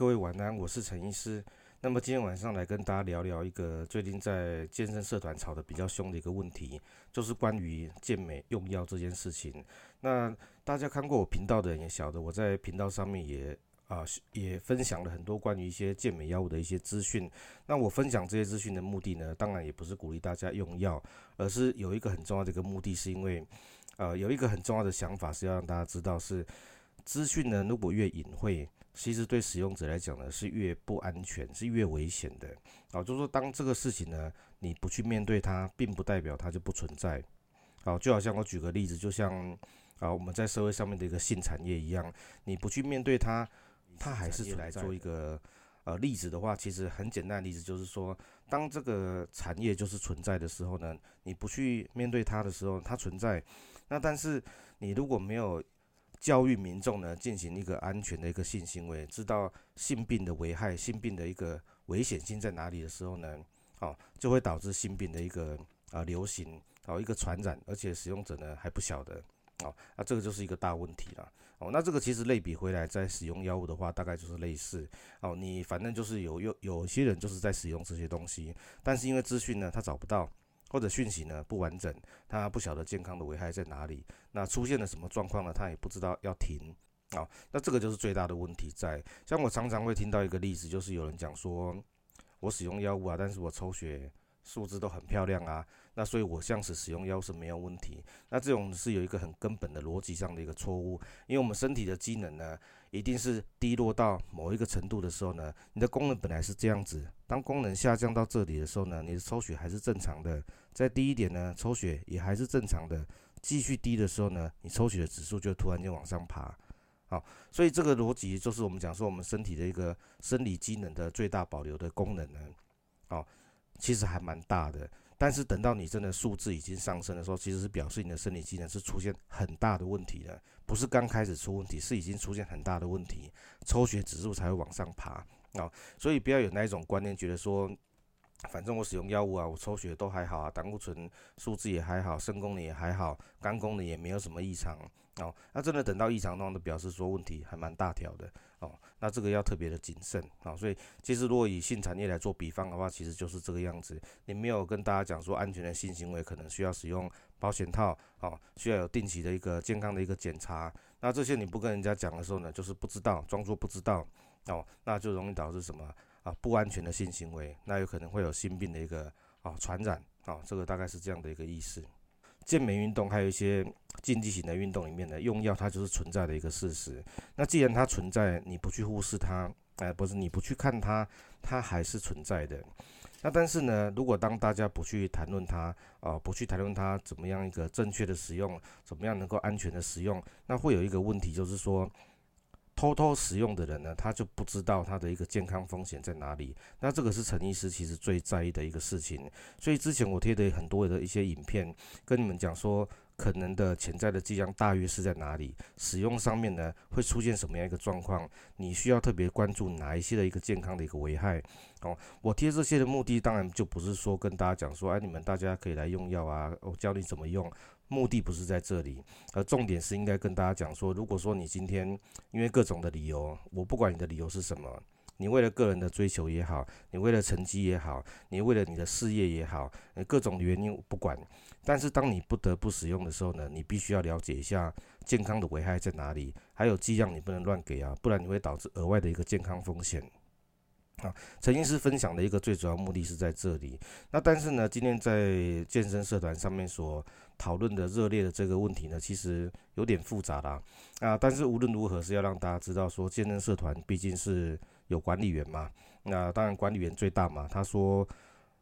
各位晚安，我是陳醫師。那麼今天晚上來跟大家聊聊一個最近在健身社團吵得比較凶的一個問題，就是關於健美用藥這件事情。那大家看過我頻道的人也曉得，我在頻道上面也啊、呃、也分享了很多關於一些健美藥物的一些資訊。那我分享這些資訊的目的呢，當然也不是鼓勵大家用藥，而是有一個很重要的一個目的，是因為呃有一個很重要的想法是要讓大家知道是，是資訊呢如果越隱晦。其實對使用者來講呢，是越不安全，是越危險的啊、哦。就是說，當這個事情呢，你不去面對它，並不代表它就不存在。好、哦，就好像我舉個例子，就像啊，我們在社會上面的一個性產業一樣，你不去面對它，它還是存在。來做一個呃例子的話，其實很簡單的例子就是說，當這個產業就是存在的時候呢，你不去面對它的時候，它存在。那但是你如果沒有教育民眾呢，進行一個安全的一個性行為，知道性病的危害，性病的一個危險性在哪裡的時候呢，哦，就會導致性病的一個啊、呃、流行，哦，一個傳染，而且使用者呢還不曉得，哦，那、啊、這個就是一個大問題了，哦，那這個其實類比回來，在使用藥物的話，大概就是類似，哦，你反正就是有有有些人就是在使用這些東西，但是因為資訊呢，他找不到。或者訊息呢，不完整，他不曉得健康的危害在哪裡，那出現了什麼狀況呢，他也不知道要停啊，哦，那這個就是最大的問題在。像我常常會聽到一個例子，就是有人講說，我使用藥物啊，但是我抽血。數字都很漂亮啊，那所以我像是使用腰是沒有問題。那這種是有一個很根本的邏輯上的一個錯誤，因為我們身體的機能呢，一定是低落到某一個程度的時候呢，你的功能本來是這樣子。當功能下降到這裡的時候呢，你的抽血還是正常的，再低一點呢，抽血也還是正常的。繼續低的時候呢，你抽血的指數就突然間往上爬。好，所以這個邏輯就是我們講說我們身體的一個生理機能的最大保留的功能呢，好。其實還蠻大的，但是等到你真的數字已經上升的時候，其實是表示你的生理機能是出現很大的問題的，不是剛開始出問題，是已經出現很大的問題，抽血指數才會往上爬啊，哦，所以不要有那一種觀念，覺得說。反正我使用藥物啊，我抽血都還好啊，膽固醇數字也還好，腎功能也還好，肝功能也沒有什麼異常哦。那真的等到異常的話，都表示說問題還蠻大條的哦。那這個要特別的謹慎啊，哦。所以其實如果以性產業來做比方的話，其實就是這個樣子。你沒有跟大家講說安全的性行為可能需要使用保險套啊，哦，需要有定期的一個健康的一個檢查。那這些你不跟人家講的時候呢，就是不知道，裝作不知道哦，那就容易導致什麼？啊，不安全的性行為，那有可能會有性病的一個啊傳染啊，這個大概是這樣的一個意思。健美運動還有一些競技型的運動裡面的用藥，它就是存在的一個事實。那既然它存在，你不去忽視它，哎、呃，不是，你不去看它，它還是存在的。那但是呢，如果當大家不去談論它，啊，不去談論它怎麼樣一個正確的使用，怎麼樣能夠安全的使用，那會有一個問題就是說。偷偷使用的人呢，他就不知道他的一個健康風險在哪裡。那這個是陳醫師其實最在意的一個事情。所以之前我貼的很多的一些影片，跟你們講說可能的潛在的劑量大約是在哪裡，使用上面呢會出現什麼樣一個狀況，你需要特別關注哪一些的一個健康的一個危害。哦，我貼這些的目的當然就不是說跟大家講說，哎，你們大家可以來用藥啊，我教你怎麼用。目的不是在這裡，而重點是應該跟大家講說：如果說你今天因為各種的理由，我不管你的理由是什麼，你為了個人的追求也好，你為了成績也好，你為了你的事業也好，各種原因我不管。但是當你不得不使用的時候呢，你必須要了解一下健康的危害在哪裡，還有劑量你不能亂給啊，不然你會導致額外的一個健康風險。啊，陳醫師分享的一個最主要目的是在這裡。那但是呢，今天在健身社團上面說。討論的熱烈的這個問題呢，其實有點複雜啦，啊，但是無論如何是要讓大家知道說，健身社團畢竟是有管理員嘛。那當然管理員最大嘛。他說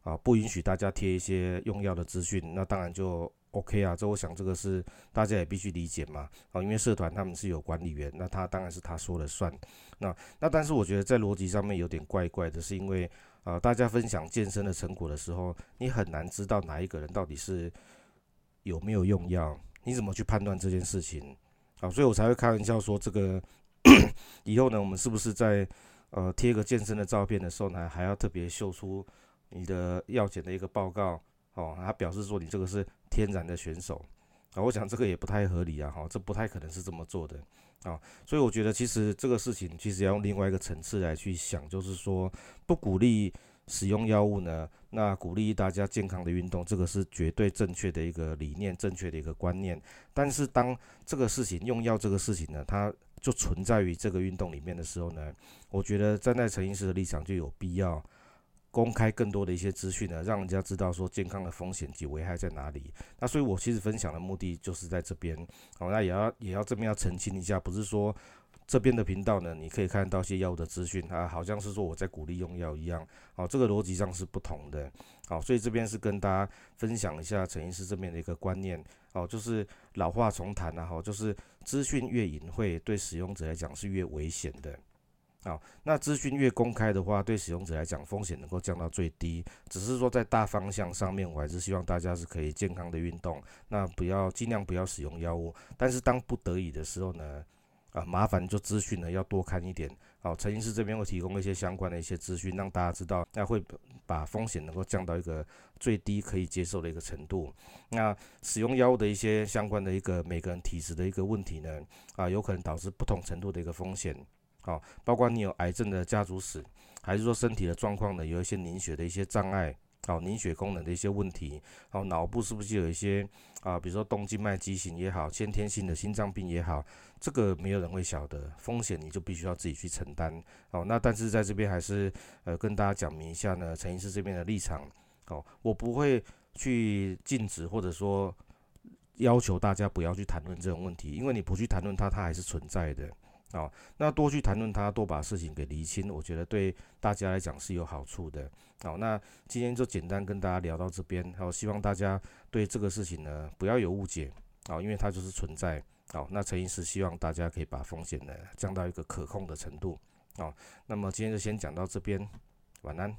啊，不允許大家貼一些用藥的資訊。那當然就 OK 啊。這我想這個是大家也必須理解嘛啊，因為社團他們是有管理員，那他當然是他說了算。那那但是我覺得在邏輯上面有點怪怪的，是因為啊，大家分享健身的成果的時候，你很難知道哪一個人到底是。有沒有用藥？你怎麼去判斷這件事情啊？所以，我才會開玩笑說，這個呵呵以後呢，我們是不是在呃貼個健身的照片的時候呢，還要特別秀出你的藥檢的一個報告？哦，他表示說你這個是天然的選手啊，我想這個也不太合理啊，哈、哦，這不太可能是這麼做的啊、哦。所以，我覺得其實這個事情其實要用另外一個層次來去想，就是說不鼓勵。使用藥物呢，那鼓勵大家健康的運動，這個是絕對正確的一個理念，正確的一個觀念。但是當這個事情用藥這個事情呢，它就存在於這個運動裡面的時候呢，我覺得站在陳醫師的立場就有必要公開更多的一些資訊呢，讓人家知道說健康的風險及危害在哪裡。那所以，我其實分享的目的就是在這邊哦，那也要也要這邊要澄清一下，不是說。這邊的頻道呢，你可以看到一些藥物的資訊啊，好像是說我在鼓勵用藥一樣，哦，這個邏輯上是不同的，好，哦，所以這邊是跟大家分享一下陳醫師這邊的一個觀念，哦，就是老話重談了哈，就是資訊越隱晦，對使用者來講是越危險的，好，哦，那資訊越公開的話，對使用者來講風險能夠降到最低，只是說在大方向上面，我還是希望大家是可以健康的運動，那不要，盡量不要使用藥物，但是當不得已的時候呢，啊，麻煩就資訊呢，要多看一點。好，哦，陳醫師這邊會提供一些相關的一些資訊，讓大家知道，那，啊，會把風險能夠降到一個最低可以接受的一個程度。那使用藥物的一些相關的一個每個人體質的一個問題呢，啊，有可能導致不同程度的一個風險。哦，包括你有癌症的家族史，還是說身體的狀況呢，有一些凝血的一些障礙。腦、哦、凝血功能的一些問題，哦，腦部是不是有一些啊，比如說動靜脈畸形也好，先天性的心臟病也好，這個沒有人會曉得，風險你就必須要自己去承擔。哦，那但是在這邊還是呃跟大家講明一下呢，陳醫師這邊的立場，哦，我不會去禁止或者說要求大家不要去談論這種問題，因為你不去談論它，它還是存在的。哦，那多去談論它，多把事情給理清，我覺得對大家來講是有好處的。好、哦，那今天就簡單跟大家聊到這邊，好、哦，希望大家對這個事情呢不要有誤解，好、哦，因為它就是存在。好、哦，那陳醫師希望大家可以把風險呢降到一個可控的程度。好、哦，那麼今天就先講到這邊，晚安。